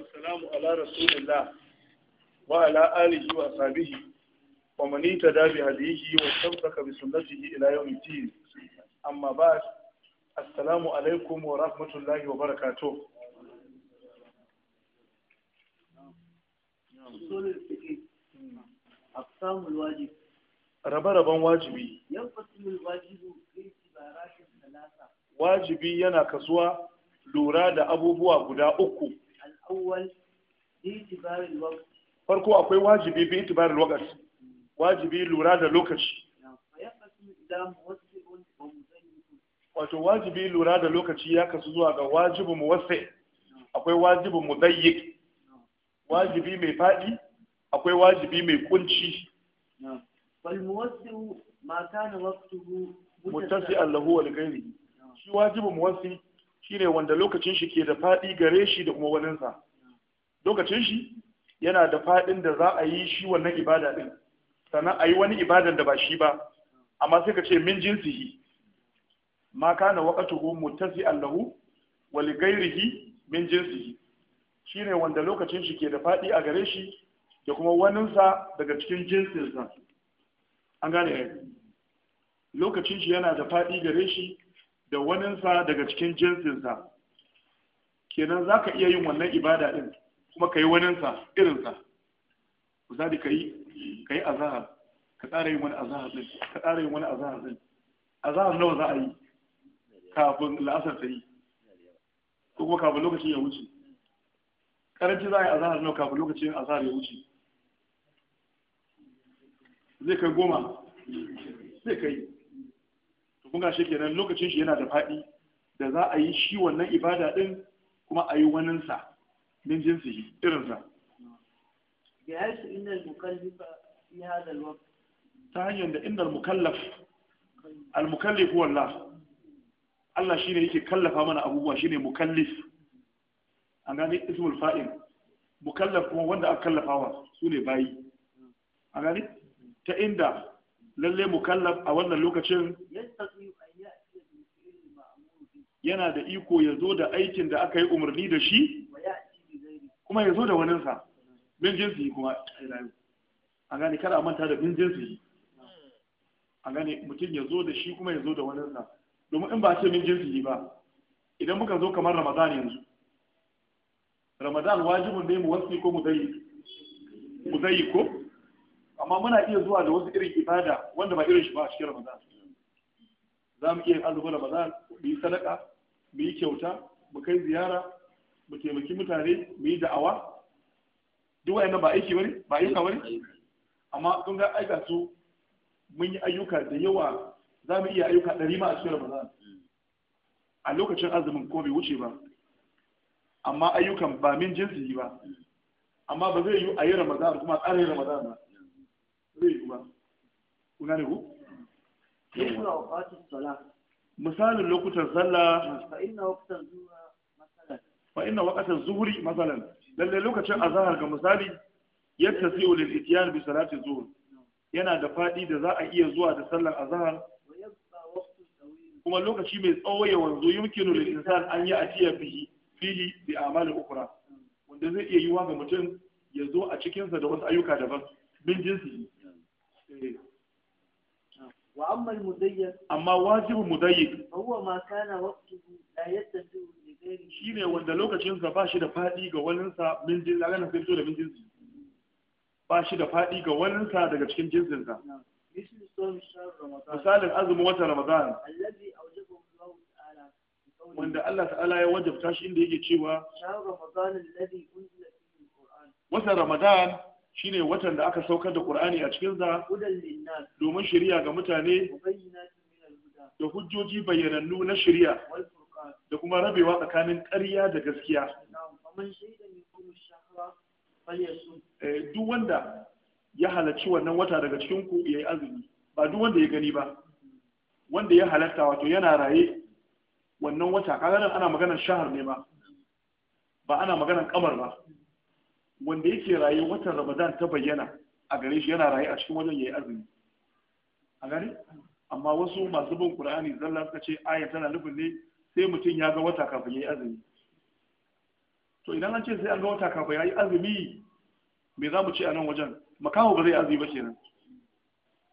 والسلام على رسول الله وعلى آله وأصحابه ومن اهتدى بهديه واستمسك بسنته إلى يوم الدين أما بعد السلام عليكم ورحمة الله وبركاته أصول الفقه أقسام الواجب raba-raban wajibi wajibi yana kasuwa lura da abubuwa guda uku farko akwai wajibi bi itibar lokaci wajibi lura da lokaci wato wajibi lura da lokaci ya kasu zuwa ga wajibu muwassi akwai wajibu mudayyik wajibi mai faɗi akwai wajibi mai kunci wal muwassi ma kana waqtuhu muttasi allahu wal ghairi shi wajibu muwassi shine wanda lokacin shi ke da faɗi gare shi da kuma waninsa lokacin shi yana da faɗin da za a yi shi wannan ibada ɗin sannan a yi wani ibadan da ba shi ba amma sai ka ce min jinsihi ma kana waqatuhu muttasi allahu wa li ghairihi min jinsihi shine wanda lokacin shi ke da faɗi a gare shi da kuma waninsa daga cikin jinsinsa an gane lokacin shi yana da faɗi gare shi da waninsa daga cikin jinsinsa kenan za ka iya yin wannan ibada ɗin kuma ka yi waninsa irinsa misali ka yi ka yi azahar ka tsara yin wani azahar ɗin ka tsara yin wani azahar ɗin azahar nawa za a yi kafin la'asar ta yi ko kuma kafin lokacin ya wuce karanci za a yi azahar nawa kafin lokacin azahar ya wuce zai kai goma zai kai kun ga shi kenan lokacin shi yana da faɗi da za a yi shi wannan ibada ɗin kuma a yi waninsa min jinsi irinsa inda ya ta hanyar da inda mukallaf al-mukallif wallah Allah shi ne yake kallafa mana abubuwa shi ne mukallif an gane ismul fa'il mukallaf kuma wanda aka kallafawa su ne bayi an gane ta inda lalle mukallaf a wannan lokacin yana da iko ya zo da aikin da aka yi umarni da shi kuma ya zo da waninsa bin jinsi kuma a gane kada a manta da bin jinsi a gane mutum ya zo da shi kuma ya zo da waninsa domin in ba ce min jinsi ba idan muka zo kamar ramadan yanzu ramadan wajibin ne mu wasi ko mu zai ko amma muna iya zuwa da wasu irin ibada wanda ba irin shi ba a cikin ramadan za mu iya yin azumin ramadan mu yi sadaka mu yi kyauta mu kai ziyara mu taimaki mutane mu yi da'awa duk wa'anda ba aiki bane ba ayyuka bane amma kun ga aika su mun yi ayyuka da yawa za mu iya ayyuka ɗari ma a cikin ramadan a lokacin azumin ko bai wuce ba amma ayyukan ba min jinsi ba amma ba zai yi a yi ramadan kuma a tsarin ramadan ba ba kuna misalin lokutan sallah fa masalan lalle lokacin azahar, ga misali yadda sai lil itiyar bi salati zuhr yana da fadi da za a iya zuwa da sallar azahar. kuma lokaci mai tsawo ya wanzu yumkinu lil insan an yi atiya bihi fihi bi amali ukura wanda zai iya yiwa ga mutum ya zo a cikinsa da wasu ayyuka daban min jinsi wa amma mudayyin amma wajibu mudayyin huwa ma kana waqtuhu la wanda lokacin sa ba shi da fadi ga wanin sa daga cikin jinsin sa misalin azumin watan ramadan wanda Allah ta'ala ya wajabta shi inda yake cewa shahr watan ramadan shine watan da aka saukar da Qur'ani a cikin sa domin shari'a ga mutane da hujjoji bayyanannu na shari'a da kuma rabewa tsakanin ƙarya da gaskiya eh, duk wanda ya halarci wannan wata daga cikin ku yayi azumi ba duk wanda ya gani ba wanda ya halarta wato yana raye wannan wata kaga ana maganar shahar ne ba ba ana maganar kamar ba wanda yake raye watan ramadan ta bayyana a gare shi yana raye a cikin wajen yayi azumi a gare amma wasu masu bin qur'ani zalla suka ce aya tana nufin ne sai mutum ya ga wata kafin yayi azumi to idan an ce sai an ga wata kafin yayi azumi me za mu ce a nan wajen makaho ba zai azumi ba kenan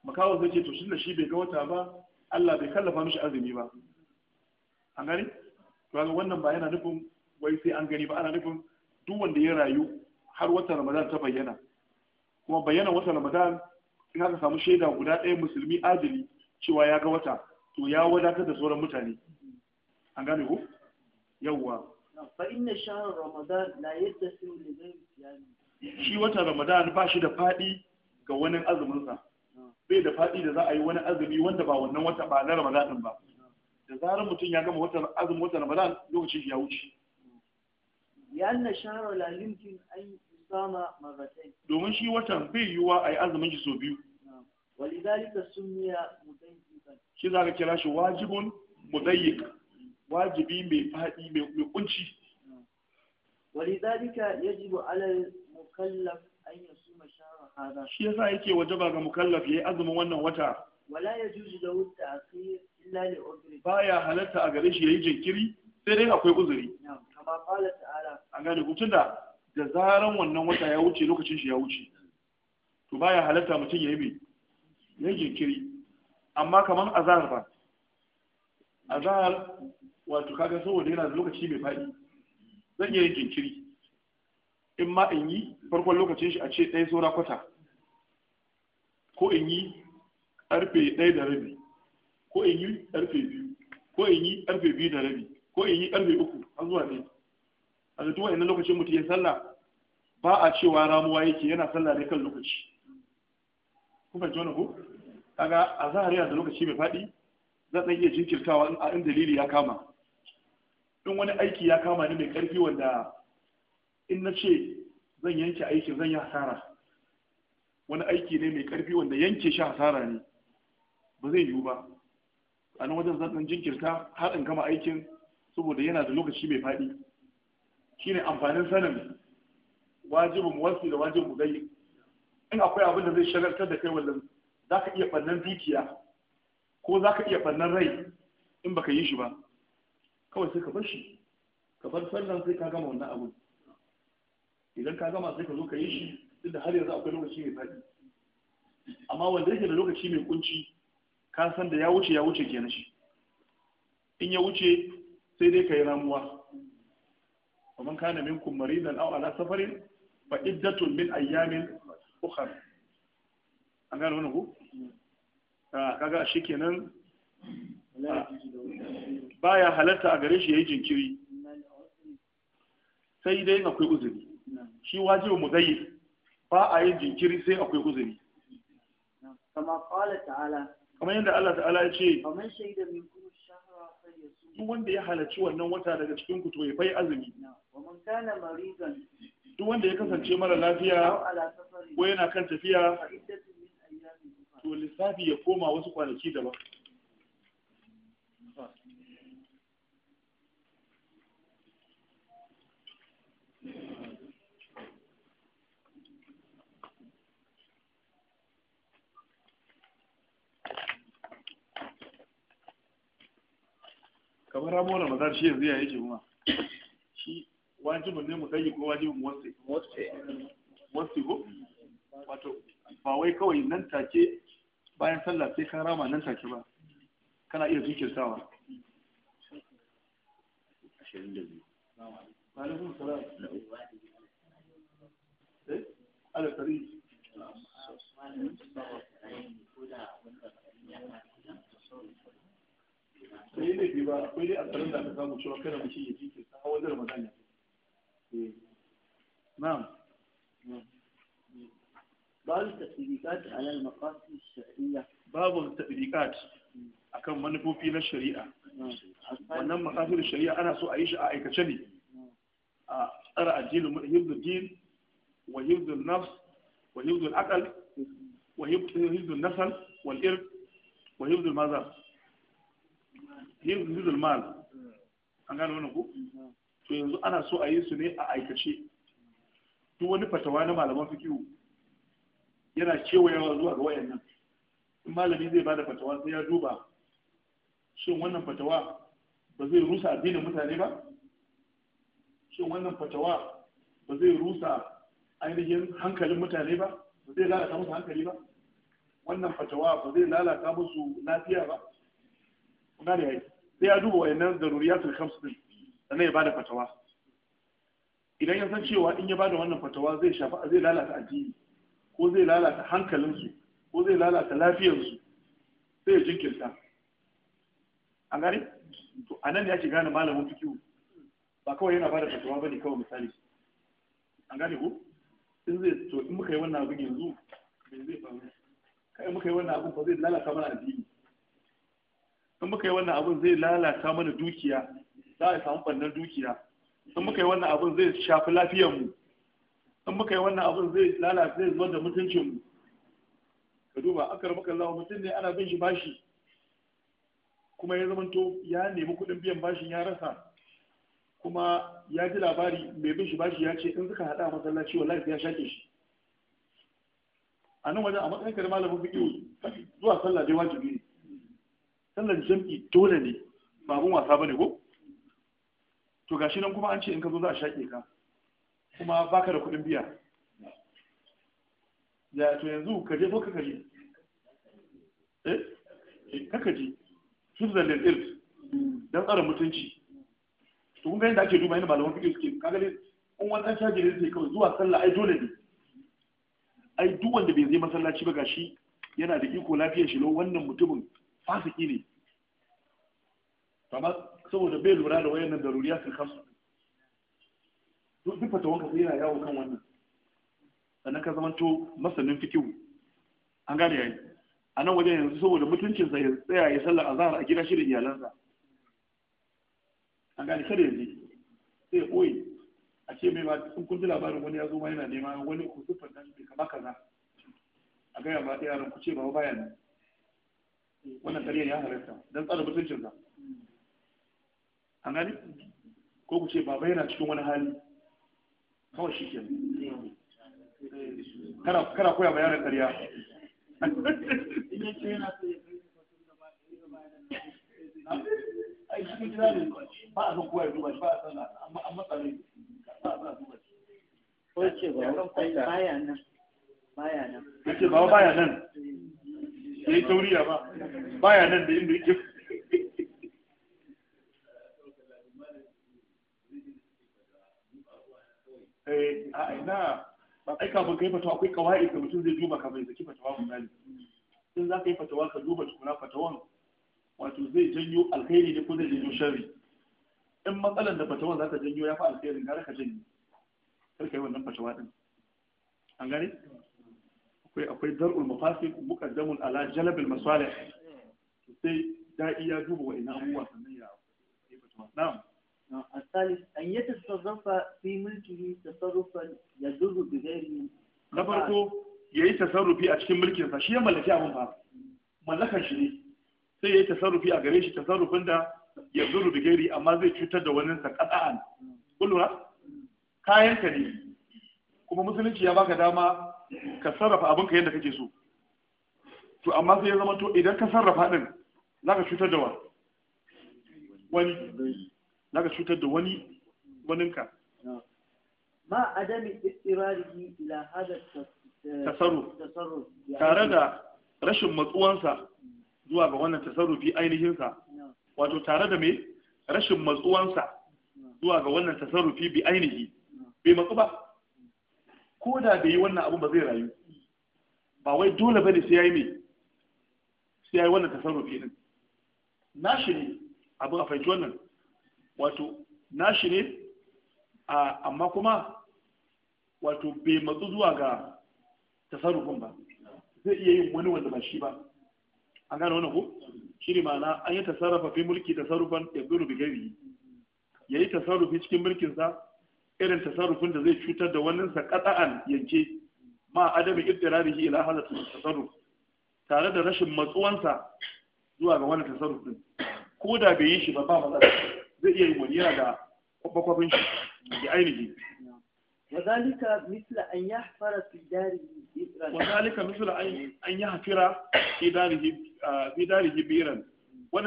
makaho zai ce to shi da shi bai ga wata ba Allah bai kallafa mishi azumi ba an gani to wannan ba yana nufin wai sai an gani ba ana nufin duk wanda ya rayu har watan ramadan ta bayyana kuma bayyana watan ramadan in aka samu shaida guda ɗaya musulmi adili cewa ya ga wata to ya wadatar da sauran mutane an gane ku yawwa fa inna shahr ramadan la yattasim li ghayri siyami shi watan ramadan ba shi da fadi ga wani azumin sa bai da fadi da za a yi wani azumi wanda ba wannan wata ba na ramadan ba da zarar mutum ya gama watan azumin watan ramadan lokacin ya wuce لأن الشهر لا يمكن أن يصام مرتين دومن شي وتن بي يوا أي أزمن شي سو ولذلك سمي مضيقا شي زaka kira shi wajibun mudayyiq wajibi mai fadi mai kunci ولذلك يجب على المكلف أن يصوم شهر هذا شي yasa yake wajaba ga mukallaf yayi azumin wannan wata ولا يجوز له التأخير إلا لعذر baya halatta a gare shi yi jinkiri sai dai akwai uzuri gane ku tunda da zaran wannan wata ya wuce lokacin shi ya wuce to baya halatta mutum ya yi mai ya jinkiri amma kamar azahar ba azahar wato kaga saboda yana da lokaci mai faɗi zan iya yin jinkiri in ma in yi farkon lokacin shi a ce ɗaya saura kwata ko in yi ƙarfe ɗaya da rabi ko in yi ƙarfe biyu ko in yi ƙarfe biyu da rabi ko in yi ƙarfe uku har zuwa ne a wa wa'annan lokacin mutum ya sallah ba a cewa ramuwa yake yana sallah ne kan lokaci ku fahimci wannan ko kaga a zahariya da lokaci mai faɗi zan ɗan iya jinkirtawa a in dalili ya kama in wani aiki ya kama ni mai ƙarfi wanda in na ce zan yanke aiki zan yi hasara wani aiki ne mai ƙarfi wanda yanke shi hasara ne ba zai yiwu ba a nan wajen zan ɗan jinkirta har in gama aikin saboda yana da lokaci mai faɗi shine amfanin sanin wajibin muwassi da wajibin mugayyib in akwai abin da zai shagaltar da kai za ka iya bannan dukiya ko za ka iya bannan rai in baka yi shi ba kawai sai ka bar shi ka bar sannan sai ka gama wannan abun idan ka gama sai ka zo ka yi shi duk da har yanzu akwai lokaci mai faɗi amma wanda yake da lokaci mai kunci ka san da ya wuce ya wuce kenan shi in ya wuce sai dai ka yi ramuwa wa man kana minkum maridan aw ala safarin fa iddatun min ayyamin ukhra an gane wannan ku ah, kaga shikenan ah, baya halatta a gare shi yayi jinkiri sai dai akwai uzuri shi wajibin muzayyir ba a yin jinkiri sai akwai uzuri kamar yadda Allah ta'ala ya ce duk wanda ya halarci wannan wata daga cikin ku to ya fai azumi duk wanda ya kasance mara lafiya ko yana kan tafiya to lissafi ya koma wasu kwanaki daban kamar ramo ramadan shi yanzu ya yake kuma shi wajibin ne mu dai ko wajibin motsi. Motsi ko wato ba wai kawai nan take bayan sallah sai kan rama nan take ba kana iya jinkirtawa Ala ba akwai dai asarin da aka samu cewa kada mutum ya jike san hawan da ramadan ya na'am babu tatbiqat ala al-maqasid ash-shar'iyya babu tatbiqat akan manufofi na shari'a wannan maqasid shari'a ana so a yi shi a aikace ne a tsara addinin hibdul din wa hibdul nafs wa hibdul aqal wa hibdul nasal wal ird wa hibdul mazhab yuzul mal an gano wannan ku mm-hmm. to yanzu ana so a yi su ne a aikace duk wani fatawa na malaman fikihu yana kewayawa zuwa ga wayannan in malami zai bada fatawa sai ya duba shin wannan fatawa ba zai rusa addinin mutane ba shin wannan fatawa ba zai rusa ainihin hankalin mutane ba ba zai lalata musu hankali ba wannan fatawa ba zai lalata musu lafiya ba kuna da yaki sai ya duba wayannan daruriyatul khams din sannan ya bada fatawa idan ya san cewa in ya bada wannan fatawa zai shafa zai lalata addini ko zai lalata hankalinsu ko zai lalata lafiyarsu sai ya jinkirta A gane to anan ne ake gane malamin fikihu ba kawai yana bada fatawa ba ne kawai misali an gane ko in zai to in muka yi wannan abin yanzu me zai faru kai muka yi wannan abin ba zai lalata mana addini in muka yi wannan abin zai lalata mana dukiya za a samu bannan dukiya in muka yi wannan abin zai shafi lafiyarmu in muka yi wannan abin zai lalata zai zuwa da mutuncinmu ka duba akar maka Allah mutum ne ana bin shi bashi kuma ya zamanto ya nemi kuɗin biyan bashin ya rasa kuma ya ji labari mai bin shi bashi ya ce in suka haɗa masallaci wallahi ya shaƙe shi a nan wajen a matsayin kare malamin fiƙi zuwa sallah dai wajibi ne sallar jam'i dole ne ba abun wasa bane ko to gashi nan kuma an ce in ka zo za a shaƙe ka kuma baka da kuɗin biya ya to yanzu ka je ko ka kaje eh? eh ka kaje hifzan lil ilm dan tsara mutunci to kun ga yadda ake duba yana malaman fiƙe suke kaga ne kun wani ɗan ne zai kawai zuwa sallah ai dole ne ai duk wanda bai zai masallaci ba gashi yana da iko lafiyar shi lo wannan mutumin fasiki ne kamar saboda bai lura da wayannan daruriya sun kasu duk fata wanka sai yana yawo kan wannan sannan ka to masanin fikihu an gane yayi a nan wajen yanzu saboda mutuncinsa ya tsaya ya sallar azhar a gida shi da iyalansa an gane kada yanzu sai oyi a ce mai ma sun kun ji labarin wani ya zo ma yana nema wani ku siffar dan bai kama kaza a gaya ma yaran ku ce ba baya nan wannan karyar ya halarta don tsara mutuncin sa an gani ko ku ce baba yana cikin wani hali kawai shi ke kana koya ma yaran karya ai cikin gida ne ba a son kowa ya duba shi ba a son san an matsa ne ba a san duba shi ko ce ba baya nan Ya nan ce ba baya nan ya yi tauriya ba baya nan da inda yake eh, a ina ba ai kafin kai fatawa akwai kawai da mutum zai duba kafin saki fatawa misali in za ka yi fatawa ka duba tukuna fatawan wato zai janyo alkhairi ne ko zai janyo sharri in matsalan da fatawan za ka janyo ya fi alkhairin gara ka janyo kar ka yi wannan fatawa din an gane akwai akwai dar'ul mafasid muqaddamun ala Jalabil masalih sai da'i ya duba ina abubuwa sannan ya na'am الثالث أن يتصرف na farko ya yi tasarrufi a cikin mulkinsa shi ya mallaki abin ba mallakan shi ne sai ya yi tasarrufi a gare shi tasarrufin da ya zuru da amma zai cutar da wani sa kasa'an kullura kayan ka ne kuma musulunci ya baka dama ka sarrafa abinka yadda kake so to amma sai ya zama to idan ka sarrafa din zaka cutar da wani zaka cutar da wani waninka ma adami istirarihi ila hada eh, tasarruf tare da rashin matsuwansa zuwa ga wannan tasarrufi sa, wato tare da me rashin matsuwansa zuwa ga wannan tasarrufi bi ainihi bai matsu ba ko da bai yi wannan abu ba zai rayu ba wai dole bane sai yayi me sai yayi wannan tasarrufi din nashi ne abin a fahimci wannan wato nashi ne amma kuma wato bai matsu zuwa ga tasarrufin ba zai iya yin wani wanda ba shi ba an gane wannan ko shi ne ma'ana an yi tasarrufa fi mulki tasarrufan ya zuru bigari ya yi tasarrufi cikin mulkinsa irin tasarrufin da zai cutar da wannan sa qata'an yanke ma adami idtirarihi ila hadha tasarruf tare da rashin matsuwansa zuwa ga wannan tasarruf din ko da bai yi shi ba ba matsala zai iya yi wani da kwakwafin shi ainihi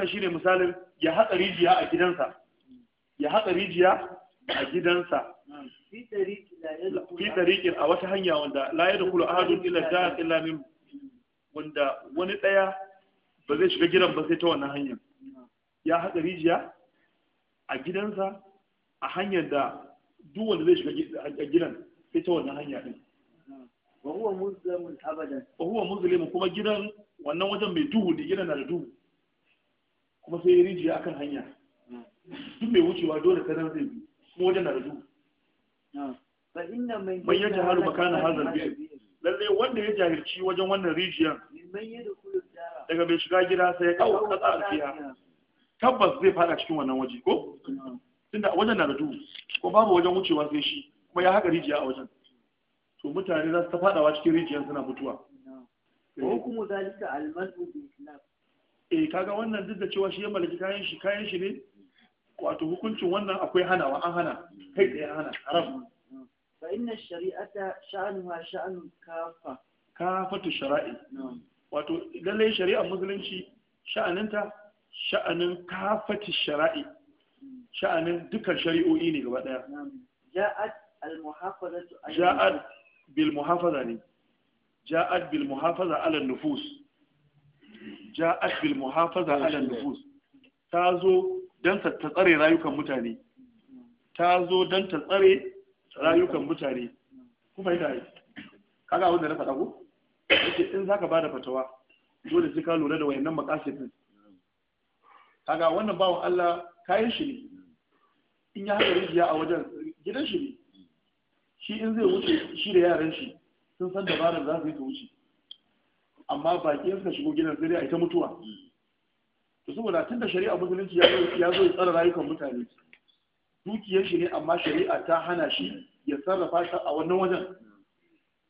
shine misalin ya haƙa rijiya a gidansa fi tariqin a wata hanya wanda da yadkhulu ahadun ila da illa min wanda wani ɗaya ba zai shiga gidan ba sai ta wannan hanyar ya haɗa rijiya a gidansa a hanyar da duk wanda zai shiga a gidan sai ta wannan hanya din wa huwa muslimun abadan wa huwa kuma gidan wannan wajen mai duhu da gidan na da duhu kuma sai rijiya akan hanya hmm. duk mai wucewa dole ta nan zai bi kuma wajen na da duhu man ya jahalu makana hazal biyar. lalle wanda ya jahilci wajen wannan rijiyar daga mai shiga gida sai ya kawo kasa a fiya tabbas zai fada cikin wannan waje ko tunda wajen na da duhu ko babu wajen wucewa sai shi kuma ya haka rijiya a wajen to mutane za su ta fadawa cikin rijiyar suna mutuwa hukumu zalika al bi islam eh kaga wannan duk da cewa shi ya malaki kayan shi kayan shi ne wato hukuncin wannan akwai hanawa an hana kai tsaye an hana haram fa inna shari'ata wa sha'anun kafa kafatu shara'i wato lalle shari'ar musulunci sha'aninta sha'anin kafati shara'i sha'anin dukkan shari'o'i ne gaba daya ja'at al-muhafazatu ja'at bil muhafaza ne ja'at bil muhafaza ala nufus ja'at bil muhafaza ala nufus ta zo don ta tsare rayukan mutane ta zo don ta tsare rayukan mutane ku fahimta ne kaga abin da na faɗa ko yace in zaka bada fatawa dole sai ka lura da wayannan makasidin kaga wannan bawo Allah kayan shi ne in ya haɗa rijiya a wajen gidan shi ne shi in zai wuce shi da yaran shi sun san dabarar za su yi ta wuce amma baƙi suka shigo gidan sai dai a ita mutuwa to saboda tunda shari'a musulunci ya zo ya tsara rayukan mutane dukiyar shi ne amma shari'a ta hana shi ya sarrafa ta a wannan wajen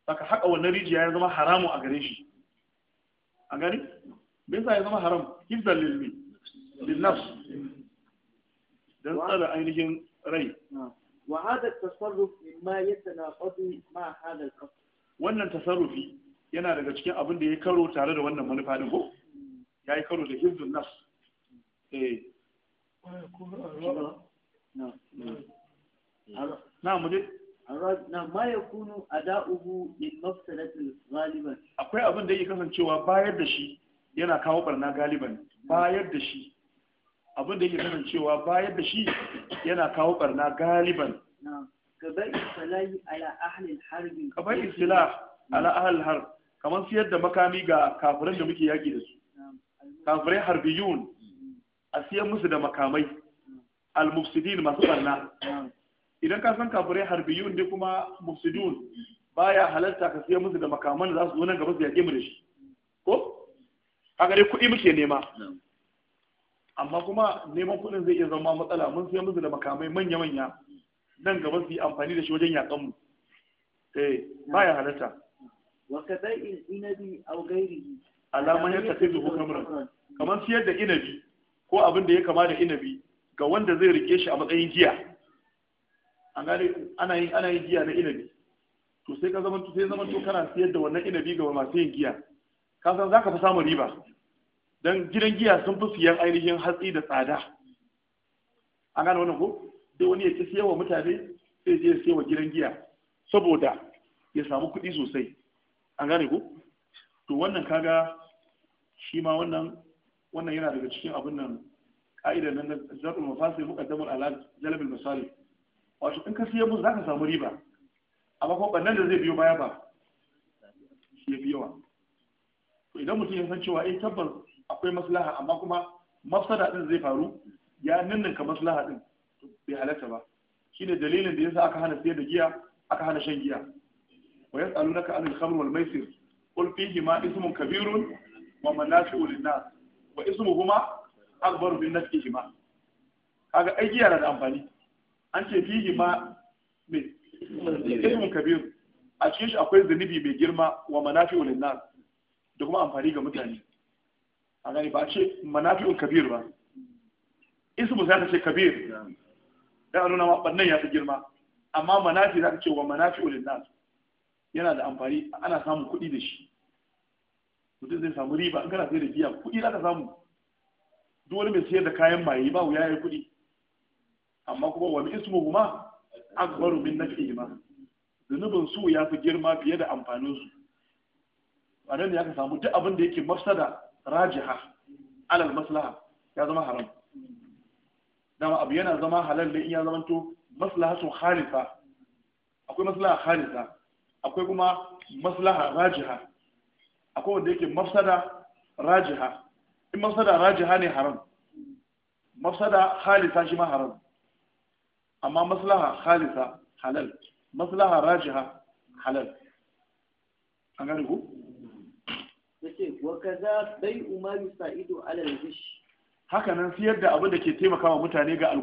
saka haka wannan rijiya ya zama haramu a gare shi a gani me ya zama haram hibdan lilmi lilnafs don tsara ainihin rai wa hada tasarruf mimma yatanaqadu ma hada al wannan tasarrufi yana daga cikin abin da ya karo tare da wannan manufa din ko yayi karo da hibdun nafs Eh. na hmm. muje na ma ya kunu ada'uhu min mafsadatin galiban akwai abin da yake kasancewa bayar da shi yana kawo barna galiban bayar da shi abin da yake kasancewa bayar da shi yana kawo barna galiban kabai salahi ala ahlil harbi kabai silah ala ahlil harb kamar siyar da makami ga kafiran da muke yaki da su kafirai harbiyun a siyan musu da makamai al-mufsidin masu barna idan ka san kafirai harbiyun ne kuma mufsidun baya halarta ka siyan musu da makaman za su zo nan gaba su yaƙe mu da shi ko kaga dai kuɗi muke nema amma kuma neman kuɗin zai iya zama matsala mun siyan musu da makamai manya-manya nan gaba su yi amfani da shi wajen yaƙan mu eh baya halarta wa kadai inabi aw ghairihi alaman zuwa kamar kamar siyar da inabi ko abin da ya kama da inabi ga wanda zai rike shi a matsayin giya an gane ana yin ana yin giya na inabi to sai ka zama sai zama to kana siyar da wannan inabi ga masu yin giya ka san zaka fi samun riba dan gidan giya sun fi siyan ainihin hatsi da tsada an gane wannan ko sai wani ya ci wa mutane sai je ya wa gidan giya saboda ya samu kuɗi sosai an gane ko to wannan kaga shi ma wannan wannan yana daga cikin abin nan ka'idar nan na zarɓin mafasir muƙaddamar ala jalabin misali wato in ka siya mu za ka samu riba amma kuma ɓannan da zai biyo baya ba shi ya fi to idan mutum ya san cewa eh tabbas akwai maslaha amma kuma mafsada din zai faru ya ka maslaha din bai halatta ba Shi ne dalilin da yasa aka hana siyar da giya aka hana shan giya wa yas'alunaka anil khamr wal maisir qul fihi ma ismun kabirun wa manafi'u lin-nas wa huma akbaru min nafihima kaga ai giya da amfani an ce fihi ma me ismun kabir a cikin shi akwai zunubi mai girma wa manafi'u linnas da kuma amfani ga mutane a gani ba a ce manafi'un kabir ba ismu za ta ce kabir da nuna ma bannan ya fi girma amma manafi za ta ce wa manafi'u linnas yana da amfani ana samun kuɗi da shi mutum zai samu riba an kana sai da giya kuɗi za ka samu duk wani mai siyar da kayan maye ba wuya ya yi kuɗi amma kuma wani ismu kuma akbaru min nafi ma zunubin su ya fi girma fiye da amfanin su a nan ya ka samu duk abin da yake mafsada rajiha alal maslaha ya zama haram dama abu yana zama halal ne in ya zamanto maslahatun halisa. akwai maslaha halisa, akwai kuma maslaha rajiha akwai wanda yake mafsada rajiha in mafsada rajiha ne haram mafsada halisa shi ma haram amma maslaha halisa halal maslaha rajiha halal an gane ku yace wa kaza bai'u ma yusaidu ala al-ghish haka nan siyar da abin da ke taimakawa mutane ga al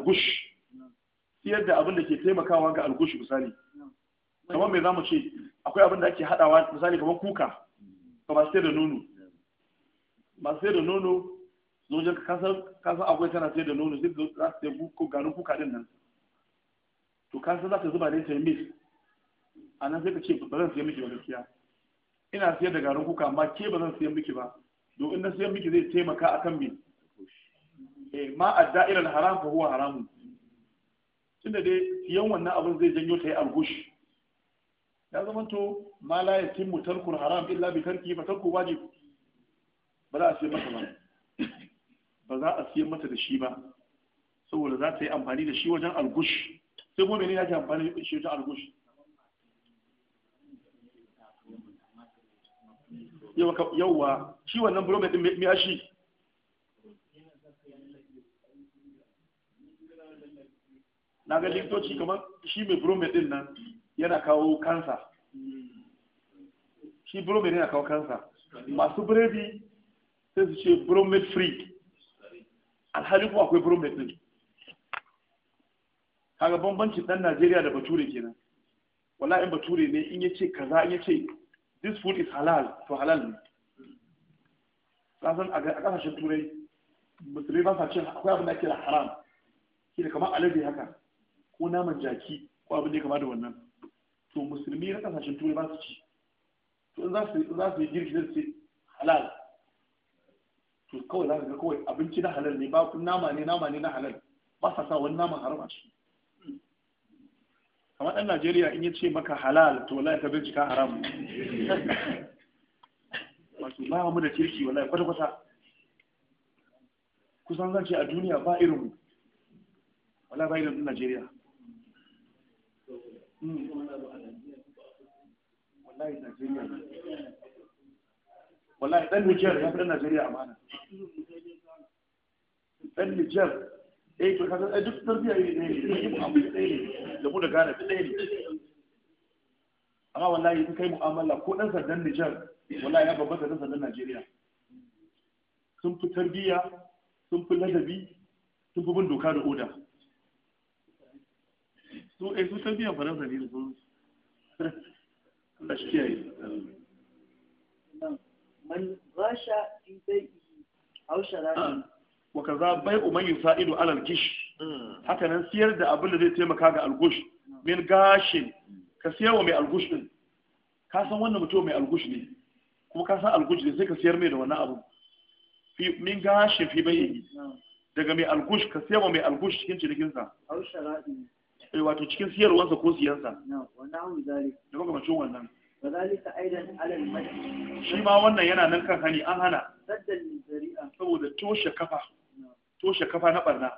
siyar da abin da ke taimakawa ga al misali kamar me zamu ce akwai abin da ake hadawa misali kamar kuka to masu sai da nono ba sai da nono zojin kasar kasar akwai tana sai da nono sai za su sai garin kuka din nan to kasar za ta zuba ne ta yi mis a nan sai ka ce ba zan siya miki ba gaskiya ina siyar da garin kuka amma ke ba zan siya miki ba domin na siyan miki zai taimaka akan me eh, ma a da'irar haram fa huwa haramun tunda dai siyan wannan abin zai janyo ta yi algushi ya zama to ma la yatimmu tarkul haram illa bi tarki fa tarku wajib ba za a siya mata ba ba za a siya mata da shi ba saboda za ta yi amfani da shi wajen algush sai kuma menene yake amfani da shi wajen algush yauwa shi wannan bromate din me ashi? na ga likitoci kamar shi mai bromate din nan yana kawo kansa shi bromid yana kawo kansa masu biredi sai su ce bromid free alhali kuma akwai bromid din kaga bambancin dan Najeriya da Bature kenan wallahi in Bature ne in yace kaza in yace this food is halal to halal ne kasan a kasashen turai musulmi ba sa cin akwai abin da ake haram shi da kamar alade haka ko naman jaki ko abin da ya kama da wannan to musulmi na kasashen turai ba su ci to in za su yi girki zai ce halal to kawai za su ga kawai abinci na halal ne ba nama ne nama ne na halal ba sa sa wani naman haram a ciki kamar ɗan Najeriya in ya ce maka halal to wala tabbaci ka haram wato ba mu da kirki ya kwata kwata kusan zance a duniya ba irin mu ba irin Najeriya hmm. wallahi dan Nijar ya fi dan Najeriya amana dan Nijar eh to ɗan duk tarbiya ne ne ne abu ɗaya da mu da Ghana duk ɗaya ne amma wallahi in kai mu'amala ko dan sandan Nijar wallahi ya babbata dan sandan Najeriya sun fi tarbiyya, sun fi ladabi sun fi bin doka da oda su eh su tarbiyyar faransa ne da su wakaza bai kiyaye man rasha fi gish ah, hmm. haka nan siyar da abin da zai taimaka ga algush min gashin ka siyar wa mai algush din ka san wannan mutum mai algush ne kuma ka san algush ne sai ka siyar mai da wannan abu min gashin fi bai'i hmm. daga mai algush ka siyar wa mai algush cikin cinikinsa sa. eh wato cikin siyarwansa ko siyansa da wannan shi ma wannan yana nan kan hani an hana saboda toshe kafa toshe kafa na barna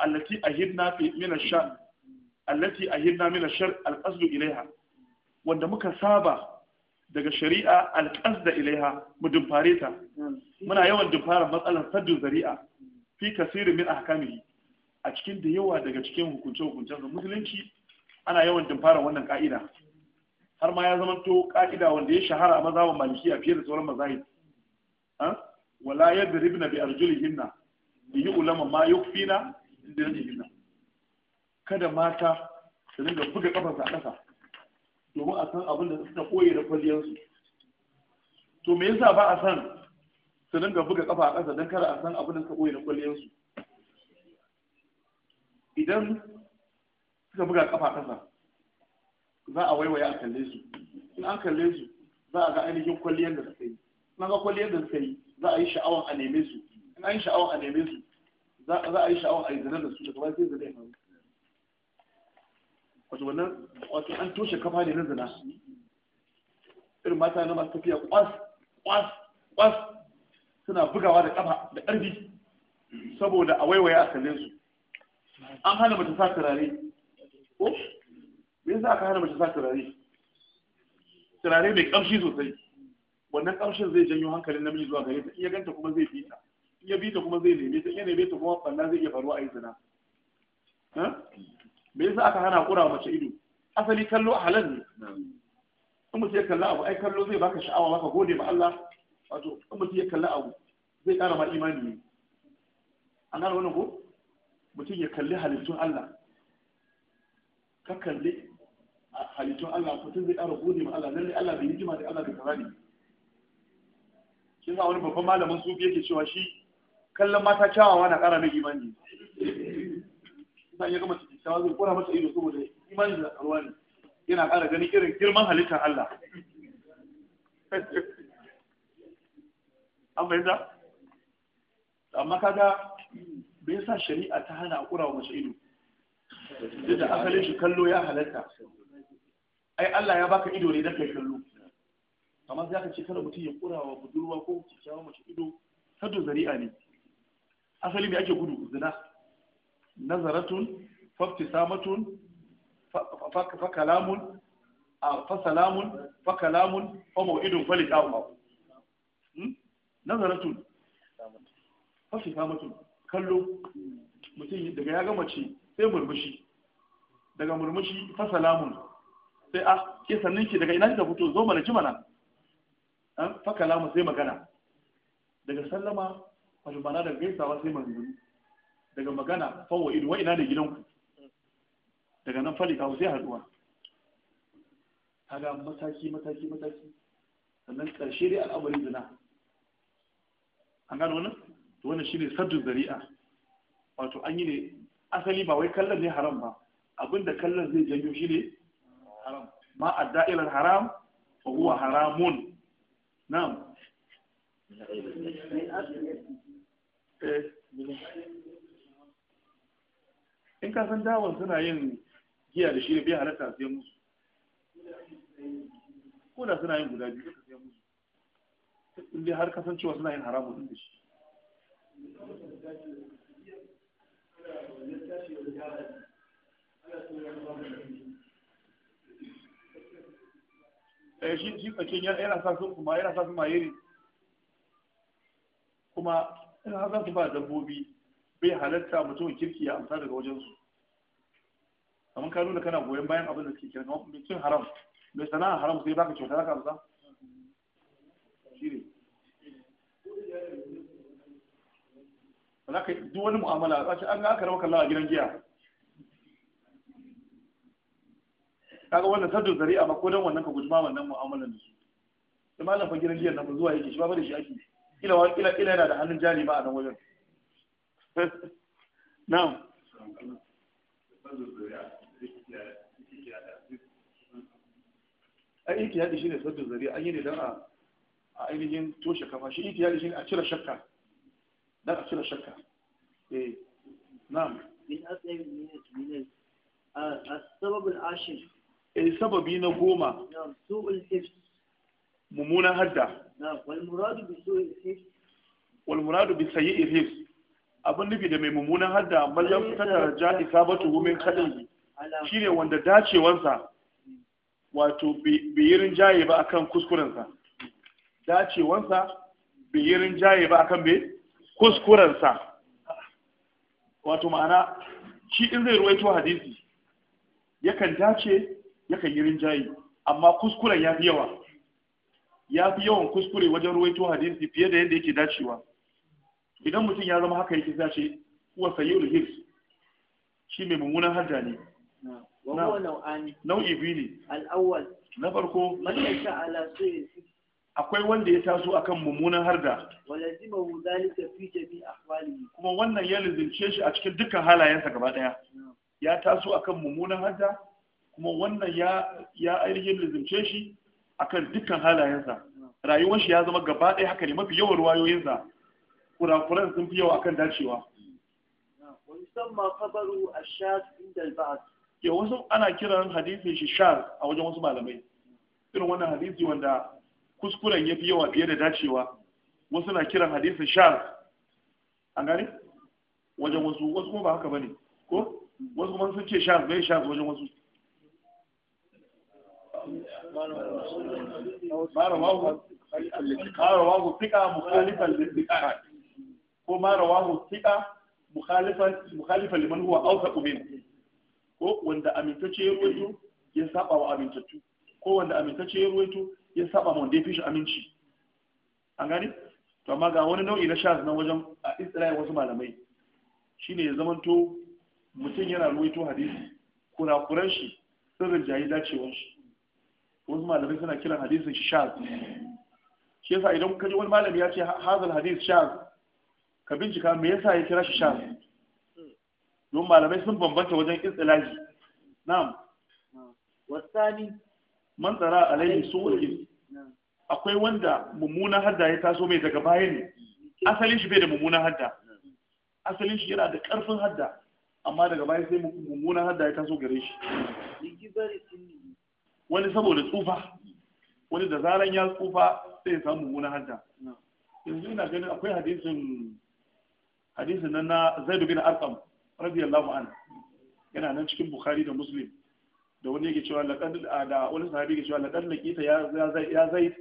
allati mm. ahidna min ash-shar allati ahidna wanda muka saba daga shari'a alƙasda ilaiha mu dumfare ta muna yawan dumfara matsalar saddu zari'a mm. fi kasirin min ahkamihi a cikin da yawa daga cikin hukunce-hukuncen da musulunci ana yawan dimfara wannan ka'ida har ma ya zama to ka'ida wanda ya shahara a maliki a fiye da sauran mazahib wala yadribna bi da yi ulama ma fi na, inda hinna kada mata su dinga buga kafarsa a ƙasa domin a san abin da suka koye da kwaliyarsu to me yasa ba a san su dinga buga kafa a ƙasa don kada a san abin da suka koye da kwaliyarsu idan suka buga kafa ƙasa za a waiwaya a kalle su in an kalle su za a ga ainihin kwalliyar da suka yi in ga kwalliyar da suka yi za a yi sha'awar a neme su in an yi sha'awar a neme su za a yi sha'awar a yi da su daga bayan sai zane ya wato wannan wato an toshe kafa ne na zina irin mata na masu tafiya kwas kwas kwas suna bugawa da kafa da ƙarfi saboda a waiwaya a kalle su an hana mace sa turare ko me yasa aka hana mace sa turare turare mai kamshi sosai wannan kamshin zai janyo hankalin namiji zuwa gare ta iya ganta kuma zai bi ta iya bi ta kuma zai neme ta iya neme ta kuma banna zai iya faruwa a yi zina me yasa aka hana kura mace ido asali kallo a halal ne in mutum ya kalla abu ai kallo zai baka sha'awa baka gode ma Allah wato in mutum ya kalla abu zai kara ma imani ne an gane wannan ko mutum ya kalli halittun Allah ka kalli halittun Allah mutum zai ƙara gode ma Allah lalle Allah bai hikima da Allah da kaza ne shi wani babban malamin sufi yake cewa shi kallon mata kyawawa na ƙara mai imani sai ya gama cikin zai kora masa ido saboda imani da karuwa ne yana ƙara ganin irin girman halittar Allah an fahimta amma kaga me yasa shari'a ta hana akura wa mace ido duk da asalin shi kallo ya halatta ai Allah ya baka ido ne da kai kallo amma za ka ce kada mutum ya kura wa budurwa ko kyakkyawa mace ido saddo zari'a ne asali me ake gudu zina nazaratun faftisamatun fakalamun fasalamun fakalamun fa fa liqa'u hmm? nazaratun faftisamatun kallo mutum daga ya gama ce sai murmushi daga murmushi fa salamun sai a ah, ke sannin ki daga ina kika fito zo mana mana an fa kalamu sai magana daga sallama wato daga gaisawa sai magana daga magana fa wa idu ina ne gidanku daga nan fali kawo sai haduwa kaga mataki mataki mataki sannan karshe dai al'amarin zina an gano wannan to wannan shine saddu zari'a wato an yi ne asali ba wai kallon ne haram ba abinda kallon zai janyo shine haram ma adda'ilar haram fa huwa haramun na'am eh. in ka san dawon suna yin giya da shi ne bai halatta sai musu ko da suna yin guda biyu ka sai musu in dai har kasancewa suna yin haramun din da shi a eh, shi shi kace yana sa su kuma yana sa su mayiri kuma ina haka su ba dabbobi bai halatta mutum kirki ya amsa daga wajen su amma ka nuna kana goyon bayan abin da suke kira kamar cin haram mai sana'a haram sai baka kyauta zaka amsa shi ne ba za ka yi duk wani mu'amala za ka an ga aka rawa kallon a gidan giya ga wannan saddu zari amma ko dan wannan ka guji ma wannan mu'amalan da su da malam fa gidan giyan nan zuwa yake shi ba da shi ake ila ila ila yana da hannun jari ba a nan wajen na'am ai iki yadi shine saddu zari'a an yi ne dan a ainihin toshe kafa shi iki yadi shine a cire shakka da ka cire shakka eh na'am min asali min min as-sabab ashir eh sababi na goma na'am su'ul hifz mummunan hadda na'am wal muradu bi su'il hifz wal muradu bi sayyi'il hifz abin nufi da mai mummunan hadda mallan fitar da Sabatu isabatu min Shi ne wanda dacewansa wato bai yi rinjaye ba akan kuskurensa dacewansa bai yi rinjaye ba akan bai kuskurensa wato ma'ana shi in zai ruwaito hadisi yakan dace yakan yi rinjayi, amma kuskuren ya fi yawa ya fi yawan kuskure wajen ruwaito hadisi fiye da yadda yake dacewa idan mutum ya zama haka yake zace kuwa sayi ulhir shi mai mummunan hajja ne nau'i biyu ne na farko akwai wanda ya taso akan mummunan harda kuma wannan ya lizince shi a cikin dukkan halayensa gaba daya ya taso akan mummunan harda kuma wannan ya ya ainihin lizince shi akan dukkan halayensa rayuwar shi ya zama gaba daya haka ne mafi yawan ruwayoyinsa kurakuran sun fi yawa akan dacewa ya wasu ana kiran hadisi shi shaz a wajen wasu malamai irin wannan hadisi wanda kuskuren ya fi yawa fiye da dacewa wasu na kiran hadisin shaz an gane wajen wasu wasu kuma ba haka bane ko wasu kuma sun ce shaz bai shaz wajen wasu ma rawahu thiqa mukhalifan lithiqat ko ma rawahu mukhalifan liman huwa awsaqu kubin ko wanda amintacce ya ruwaito ya saba wa amintattu ko wanda amintacce ya ruwaito ya saba mu wanda ya fi shi aminci an gani to amma ga wani nau'i na shaz na wajen a isra'il wasu malamai shine ya zamanto mutum yana ruwaito hadisi kurakuran shi sirrin jayi dacewar shi wasu malamai suna kiran hadisin shi shaz shi yasa idan ka ji wani malami ya ce hazal hadis shaz ka bincika me yasa ya kira shi shaz don malamai sun bambanta wajen istilahi na'am wasani man tsara alaihi su'ul akwai wanda mummunan hadda ya taso mai daga baya ne asalin shi bai da mummunan hadda asalin shi yana da karfin hadda amma daga baya sai mummunan hadda ya taso gare shi wani saboda tsufa wani da zaran ya tsufa sai ya samu mummunan hadda yanzu ina ganin akwai hadisin hadisin nan na Zaid bin Arqam radiyallahu anhu yana nan cikin Bukhari da Muslim da wani yake cewa laqad da wani sahabi yake cewa laqad laqita ya ya zai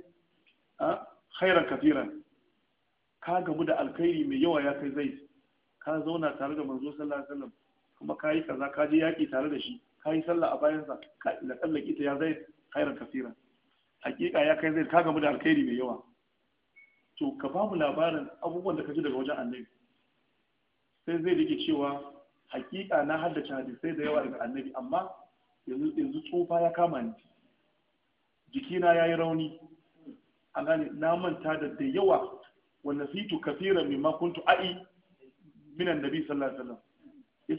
a khairan kathiran ka gamu da alkhairi mai yawa ya kai zai? ka zauna tare da manzo sallallahu alaihi wasallam kuma ka yi kaza ka je yaki tare da shi ka yi sallah a bayansa laqad laqita ya zai khairan kathiran hakika ya kai zai ka gamu da alkhairi mai yawa to ka ba mu labarin abubuwan da ka ji daga wajen annabi sai zai rike cewa hakika na haddace hadisai da yawa daga annabi amma yanzu tsufa ya kama ni jikina ya yi rauni a gane na manta da da yawa wanda fitu kafira mai makuntu a'i minan nabi sallallahu alaihi wasallam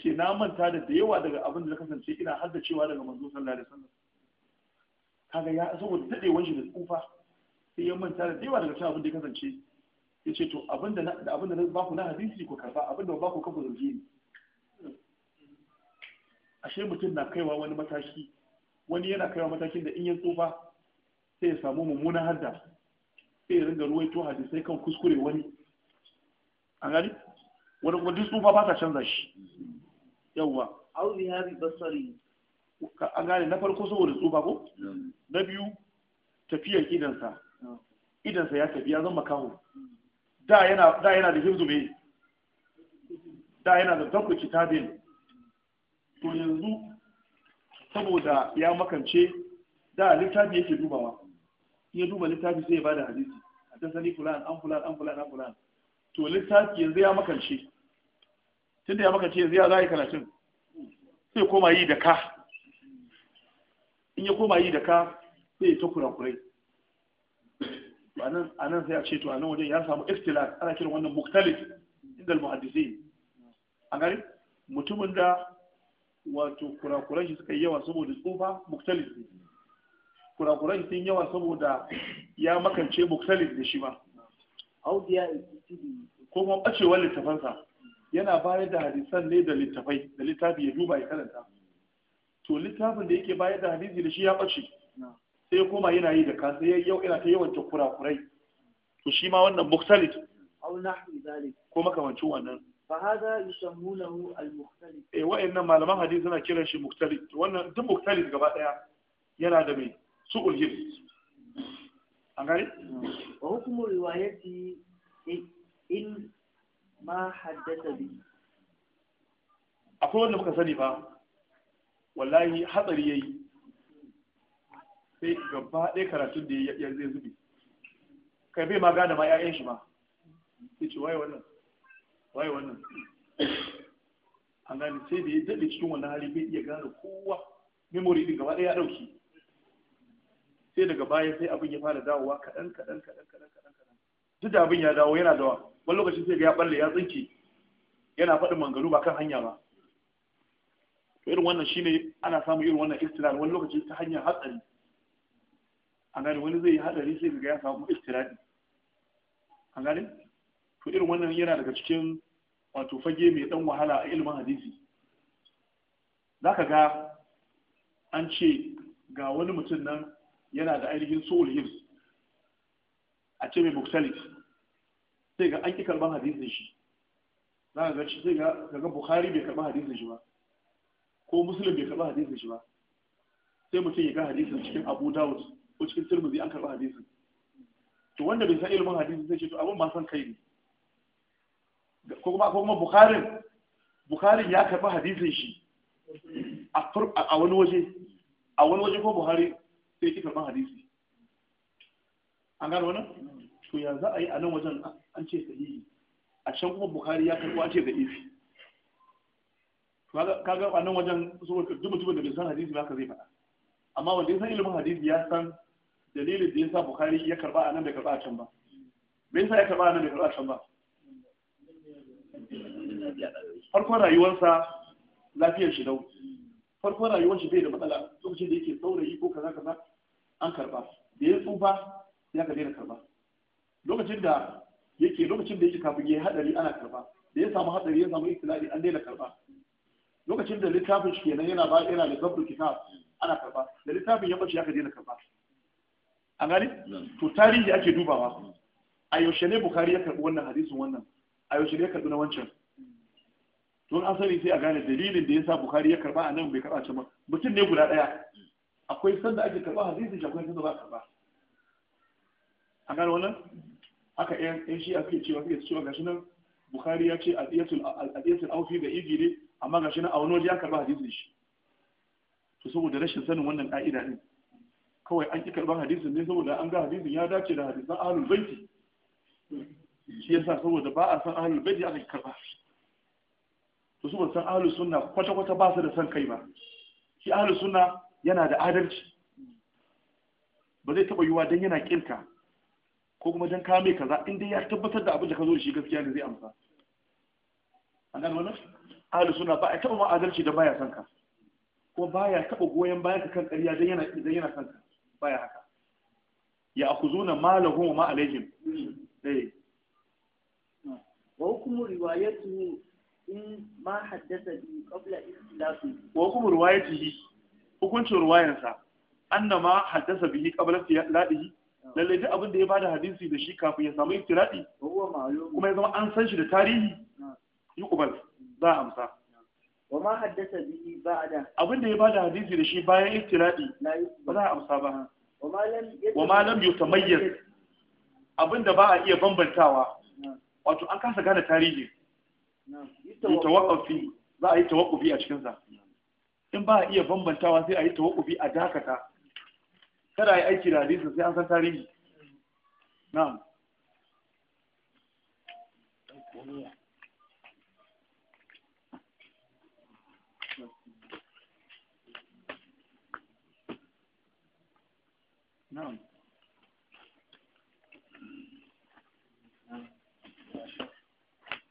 ce na manta da da yawa daga abin da na kasance ina haddacewa daga manzo sallallahu alaihi wasallam kaga ya saboda tade shi da tsufa sai ya manta da yawa daga cikin abin da ya kasance to abin da abin da na baku na hadisi ku karfa abin da ba ku kafa zargi ashe mutum na kaiwa wani mataki wani yana kaiwa matakin da in ya tsufa sai ya samu mummunan hadda sai ya ringa ruwaito hadisai kan kuskure wani an gani wani kuma duk tsufa ba ta canza shi yawwa au ya habi basari an gane na farko saboda tsufa ko na biyu tafiyar idansa idansa ya tafi ya zama kawo da yana da hibzu mai da yana da dabba kitabin to yanzu saboda ya makance da littafi yake dubawa ya duba littafi sai ya bada hadisi sani fulan an fulan an fulan an fulan to littafi yanzu ya makance tunda ya makance yanzu ya za yi karatun sai koma yi da ka in ya koma yi da ka sai ta kurakurai a nan sai a ce to a nan wajen ya samu ikhtilaf ana kiran wannan muktalif inda al muhaddisi a gari mutumin da wato kurakuran shi suka yi yawa saboda tsufa muktalis ne kurakuran shi sun yawa saboda ya makance muktalis da shi ba audiya ko kuma bacewar littafansa yana bayar da hadisan ne da littafai da littafi ya duba ya karanta to littafin da yake bayar da hadisi da shi ya bace sai koma yana yi da kansa ya yau yana ta yawan kurakurai to shi ma wannan muktalis ko makamancin wannan فهذا يسمونه المختلف اي وان malaman hadisi suna kiran shi mukhtalif wannan duk mukhtalif gaba daya yana da mai su'ul hibs an gani wa hukumu riwayati in ma haddatha bi akwai wanda muka sani ba wallahi hatsari yayi sai gaba ɗaya karatun da ya zai zube kai bai ma gane ma 'ya'yan shi ma sai ce waye wannan waye wannan an gani sai da ya daɗe cikin wannan hali bai iya gane kowa memory din gaba ɗaya ya ɗauki sai daga baya sai abin ya fara dawowa kaɗan kaɗan kaɗan kaɗan kaɗan kaɗan duk da abin ya dawo yana dawa wani lokacin sai ga ya ɓalle ya tsinke yana faɗin mangaru ba kan hanya ba to irin wannan shine ana samun irin wannan istirari wani lokacin ta hanyar hatsari an gane wani zai yi hatsari sai ga ya samu istirari an gane to irin wannan yana daga cikin wato fage mai dan wahala a ilimin hadisi za ka ga an ce ga wani mutum nan yana da ainihin soul hills a ce mai muktalif sai ga an ki karban hadisin shi za ka shi sai ga bukhari bai karban hadisin shi ba ko muslim bai karban hadisin shi ba sai mutum ya ga hadisin cikin abu dawud ko cikin tirmidhi an karba hadisin to wanda bai san ilimin hadisi zai ce to abin ba san kai ne ko kuma ko Bukharin Bukharin ya karba hadisin shi a wani waje a wani waje ko Buhari sai ki karɓi hadisi an gano wannan to ya za a yi a nan wajen an ce sahihi a can kuma Bukhari ya karɓi an ce da ifi kaga a nan wajen duk mutumin da bai san hadisi ba ka zai faɗa amma wanda ya san ilimin hadisi ya san dalilin da ya sa Bukhari ya karɓa a nan bai karɓa a can ba bai sa ya karɓa a nan bai karɓa a can ba farkon rayuwarsa lafiyar shi dau farkon rayuwar shi bai da matsala lokacin da yake saurayi ko kaza kaza an karba da ya tsufa ya ka daina karba lokacin da yake lokacin da yake kafin ya hadari ana karba da ya samu hadari ya samu ibtila'i an daina karba lokacin da littafin shi kenan yana ba yana da zabru kitab ana karba da littafin ya bace ya ka daina karba A gani to tarihi ake dubawa a yaushe ne bukari ya karbi wannan hadisin wannan a yaushe ne ya karbi na wancan tun an sani sai a gane dalilin da ya sa bukari ya karba a nan bai karba can ba mutum ne guda ɗaya akwai sanda ake karba hadisin shi akwai da ba karba a gane wannan haka yan shi ake cewa suke cewa gashi nan bukari ya ce al'iyatul aufi da iji ne amma gashi nan a ya karba hadisin shi to saboda rashin sanin wannan ka'ida ne kawai an ki karban hadisin ne saboda an ga hadisin ya dace da hadisan ahlul baiti shi yasa saboda ba a san ahlul baiti aka karba shi to su ban san ahlus sunna kwata kwata ba su da san kai ba shi ahlus sunna yana da adalci ba zai taba yiwa dan yana kinka ko kuma dan kame kaza in dai ya tabbatar da abin da ka zo da shi gaskiya ne zai amsa an gane wannan ahlus sunna ba a taba ma adalci da baya san ka ko baya taba goyen bayan ka kan ƙarya dan yana dan yana san ka baya haka ya akuzuna malahum ma alaihim eh wa hukumu riwayatu in ma haddasa bi qabla ikhtilafi wa hukum riwayatihi hukuncin riwayarsa anna ma haddasa bihi qabla ikhtilafi lalle duk abin da ya bada hadisi da shi kafin ya samu ikhtilafi kuma ya zama an san shi da tarihi yuqbal za a amsa wa ma haddasa bihi ba'da abin da ya bada hadisi da shi bayan ikhtilafi ba za a amsa ba wa ma lam yutamayyaz abin da ba a iya bambantawa wato an kasa gane tarihi Yi yutawaqqafi za a yi tawaqqufi a cikin sa in ba a iya bambantawa sai a yi tawaqqufi a dakata kada a yi aiki da hadisin sai an san tarihi na'am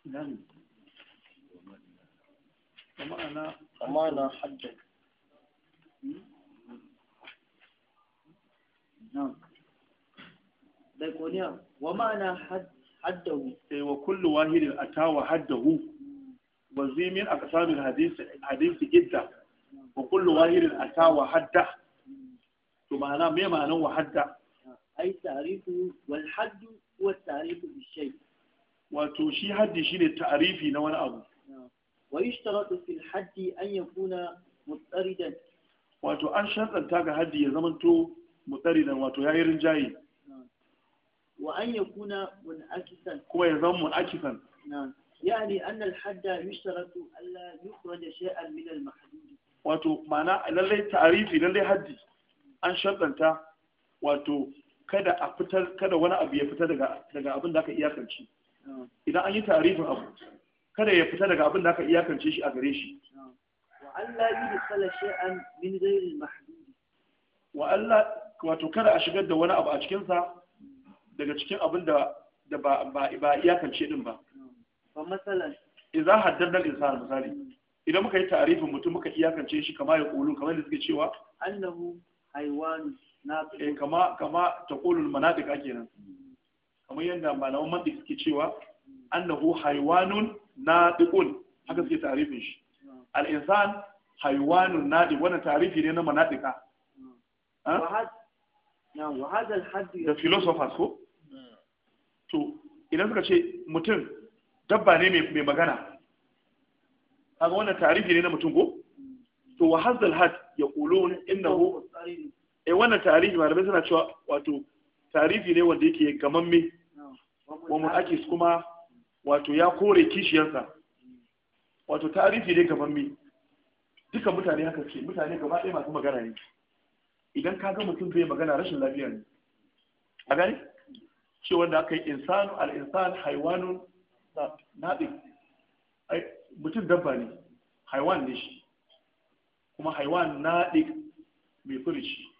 نعم نعم سمعنا سمعنا حجك نعم ده ومعنى حد حده إيه، وكل واحد أتى وحده وزي أقسام الحديث حديث جدا وكل واحد أتى وحده ثم أنا ما معنى وحده أي تعريفه والحد هو التعريف بالشيء وتوشي حد شيء shi نوع ta'arifi ويشترط في الحد أن يكون مضطردا wato an sharɗanta ga haddi ya zamanto mutsaridan wato ya yi rinjaye wa an ya kuna mun'akisan kuma ya zama mun'akisan yani annal hadda yushtaratu alla yukhraj shay'an min al mahdud wato ma'ana lallai ta'rifi lallai haddi an wato kada a fitar kada wani abu ya fita daga daga abin da aka iyakance idan an yi ta'rifin abu kada ya fita daga abin da aka iyakance shi a gare shi wa Allah wato kada a shigar da wani abu a cikinsa daga cikin abin da ba iyakance din ba idza haddadna al-insan misali idan muka yi ta'arifin mutum muka iyakance shi kama ya kulu kamar da suke cewa annahu na eh kama kama taqulul manatiq kenan kamar yadda malaman mantiq suke cewa annahu haiwanun nadiqun haka suke tarifin shi al-insan haywanun nadiq wannan tarifi ne na manadika hmm. da philosophers ko hmm. to idan suka ce mutum dabba ne mai magana kaga wannan tarifi ne na mutum ko hmm. to wa hadal had ya kulun innahu eh wannan tarifi malamai suna cewa wato tarifi ne wanda yake gamamme wa mun akis kuma wato ya kore kishiyarsa wato tarihi ne gaban mi duka mutane haka ce mutane gaba ɗaya masu magana ne idan ka ga mutum zai magana rashin lafiya ne a gani ce wanda aka yi insanu al'insan insan haiwanun naɗi mutum dabba ne haiwan ne shi kuma haiwan naɗi mai furici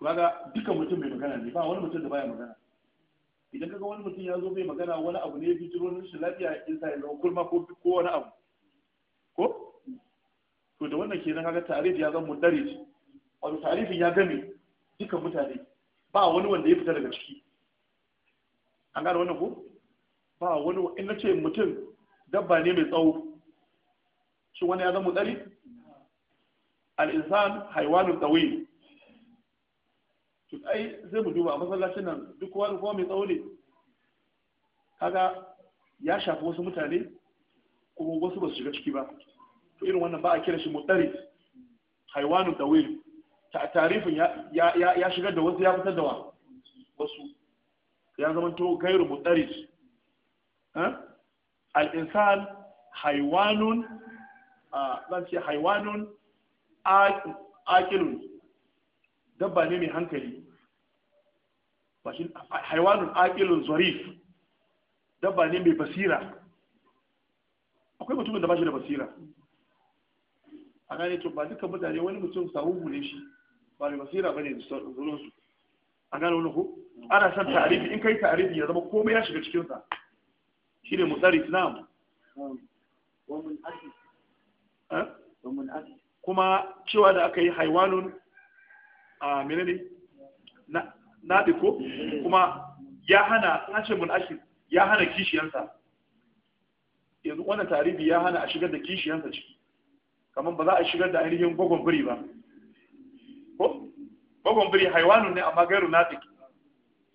ga duka mutum mai magana ne ba wani mutum da baya magana idan kaga wani mutum ya zo bai magana wani abu ne bi jiro shi lafiya in sai ya zama ko ko wani abu ko to da wannan kenan kaga tarihi ya zama mudarij wato tarihin ya game dukkan mutane ba wani wanda ya fita daga ciki an gane wannan ko ba wani in na ce mutum dabba ne mai tsawo shi wani ya zama mudarij al-insan haywanun tsawil to ai zai mu duba a masallacin nan duk kowa kowa mai tsawo ne kaga ya shafi wasu mutane kuma wasu ba su shiga ciki ba to irin wannan ba a kira shi mutsari haiwanu da wuri. ta tarifin ya shigar da wasu ya fitar da wasu ya zama to gairu mutsari eh? Al'insan insan haiwanun zan ce haiwanun akilun dabba ne mai hankali ba haiwanun akilun zarif dabba ne mai basira akwai mutumin da ba shi da basira a gane to ba duka mutane wani mutum samun ne shi ba mai basira ba ne zuwan su a gane wani ko ana son tarihi in kai tarihi ya zama komai ya shiga cikinsa shi ne mutsari islam kuma cewa da aka yi haiwanun a menene naɗi ko kuma ya hana an mun munashir ya hana kishiyansa yanzu wannan tarihi ya hana a shigar da kishiyansa ciki kamar ba za a shigar da ainihin gwagwan biri ba ko gwagwan biri haiwanu ne amma gairu naɗi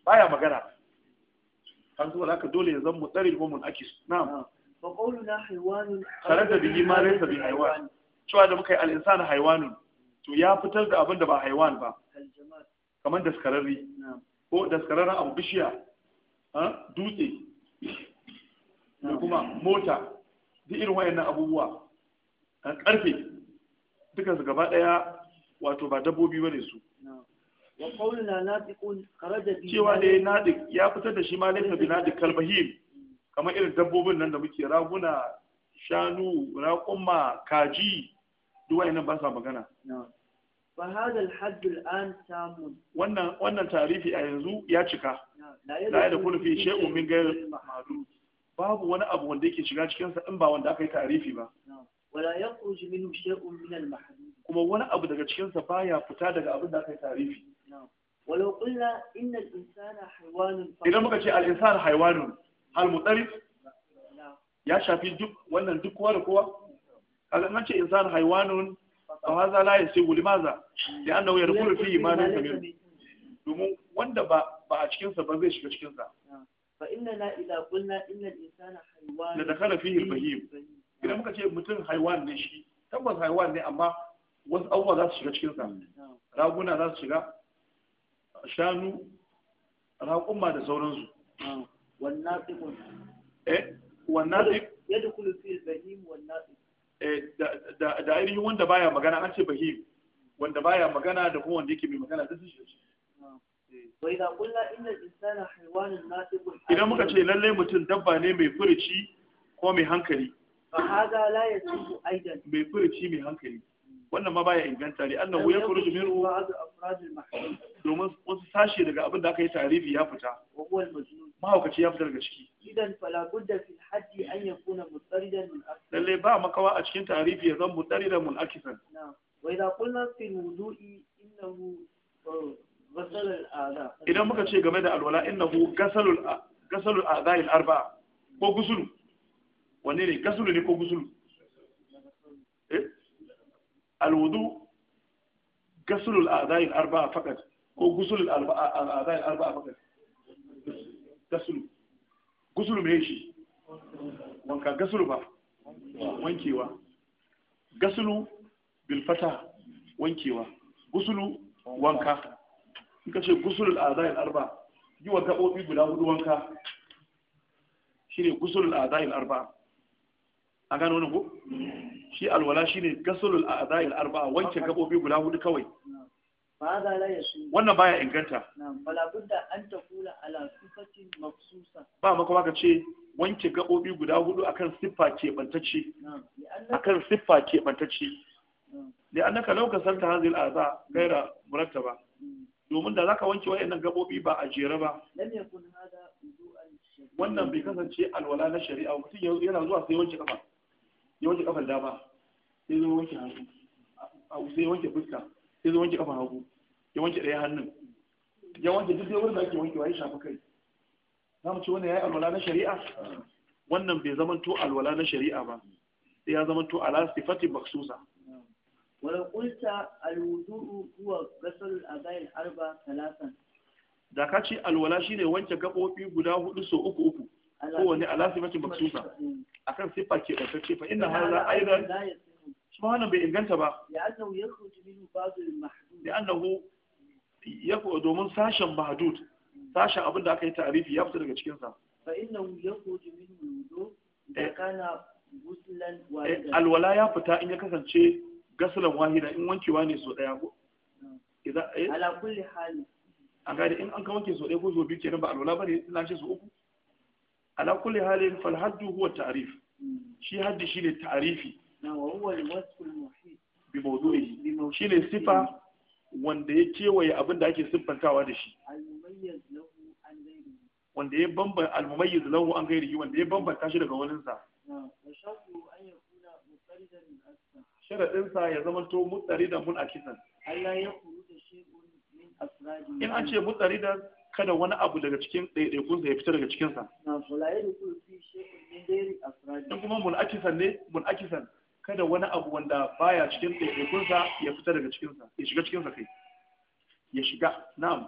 baya magana an zuwa haka dole ya zama mutsarin wa ake na'am fa qawluna haiwanun tare da bihi ma laysa bi haiwan cewa da muka yi al-insana haiwanun to ya fitar da abin da ba haiwan ba kamar daskararri ko daskararren abu bishiya dutse da kuma mota duk irin wayannan abubuwa karfe duka su gaba daya wato ba dabbobi bane su wa qawluna nadiqun kharaja cewa ne nadiq ya fitar da shi ma laifin bi nadik kalbahim mm. kamar irin dabbobin nan da muke raguna shanu raƙumma, kaji duk wayannan ba sa magana فهذا الحد الآن تام وانا وانا تعريفي أيزو يا لا يدخل في شيء من غير معلوم babu wani abu wanda yake shiga cikinsa in ba wanda aka yi tarifi ba wala yakhruj minhu shay'un min kuma wani abu daga cikinsa baya fita daga abin da aka yi tarifi walau qulna inna al-insana idan muka ce al-insanu haywanun hal mutarif ya shafi duk wannan duk kowa da kowa an ce amma za la yace guli maza da ya yadkhulu fi imanin samir domin wanda ba ba a cikin sa ba zai shiga cikin sa fa inna idza qulna inna al-insana haywan la dakhala fihi al-bahim idan muka ce mutum haiwan ne shi tabbas haiwan ne amma wasu abubuwa za su shiga cikin sa raguna za su shiga shanu raƙumma da sauransu wannan eh wannan yadkhulu fi al-bahim wannan Eh, da ainihin wanda baya magana an ce bahim wanda baya magana da kuma wanda yake mai magana duk shi shi idan muka ce lallai mutum dabba ne mai furici ko mai hankali mai furici mai hankali wannan ma baya inganta ne annan ya furuci min ruwa domin wasu sashe daga abin da aka yi tarihi ya fita mahaukaci ya fita daga ciki idan fala budda fil haddi an yakuna mutaridan mun aksar lalle ba makawa a cikin tarifi ya zan mutaridan mun akisan wa idza kuna fi wudu'i innahu uh, ghasal al a'dha idan muka ce game da alwala innahu ghasal gasalul a'za al arba ko gusulu wanne ne gasulu ne ko gusulu eh al wudu ghasal al a'dha al arba'a faqat ko gusulul a'za a'dha al arba'a faqat gasulu gusulu me shi wanka gasulu ba wankewa gasulu bilfata wankewa gusulu wanka in ka ce gusulu al'adai arba yi wa gaɓoɓi guda hudu wanka shine gusulu al'adai arba a gano wani ko shi alwala shine gasulu al'adai arba wanke gaɓoɓi guda hudu kawai wannan baya inganta ba makawa ka ce wanke gaɓoɓi guda hudu akan siffa keɓantacce akan siffa keɓantacce da annaka lauka santa hazil aza gaira murattaba domin da zaka wanke nan gaɓoɓi ba a jere ba wannan bai kasance alwala na shari'a mutum yana zuwa sai wanke kafa ya wanke kafar dama sai zai wanke hannu sai wanke fuska sai zai wanke kafa hagu ya wanke ɗaya hannun ya wanke duk dai wanda ake wankewa ya shafi kai za mu ce wannan yi alwala na shari'a wannan bai to alwala na shari'a ba sai ya to ala sifatin maksusa ولو قلت الوضوء هو gasar الأعضاء الأربع talatan da ka ce alwala shine wanke gabobi guda hudu so uku uku kowane ala sifatin maksusa akan sifa ke da ta ce fa inna hadha aidan shi ma wannan inganta ba li'annahu yakhruju minhu ba'd al-mahdud li'annahu yaku domin sashen mahdud sashen abin aka yi ta'arifi ya fita daga cikin sa fa innahu yakhruju minhu wudu da kana guslan wahida alwala ya fita in ya kasance gaslan wahida in wankewa ne so daya ko hali a gane in an ka wanke so daya ko so biyu kenan ba alwala bane ina ce so uku ala kulli halin fal haddu huwa ta'rif shi haddi shine ta'rifi shi ne sifa wanda ya kewaye abin da ake siffantawa da shi wanda ya bambanta almumayyiz lahu an gairi wanda ya bambanta shi daga waninsa sharaɗinsa ya zama to mutsari da mun in an ce da kada wani abu daga cikin ɗaiɗaikunsa ya fita daga cikinsa in kuma mun akisan ne mun akisan kada wani abu wanda baya cikin ɗaiɗaikunsa ya fita daga cikinsa ya shiga cikinsa kai ya shiga na'am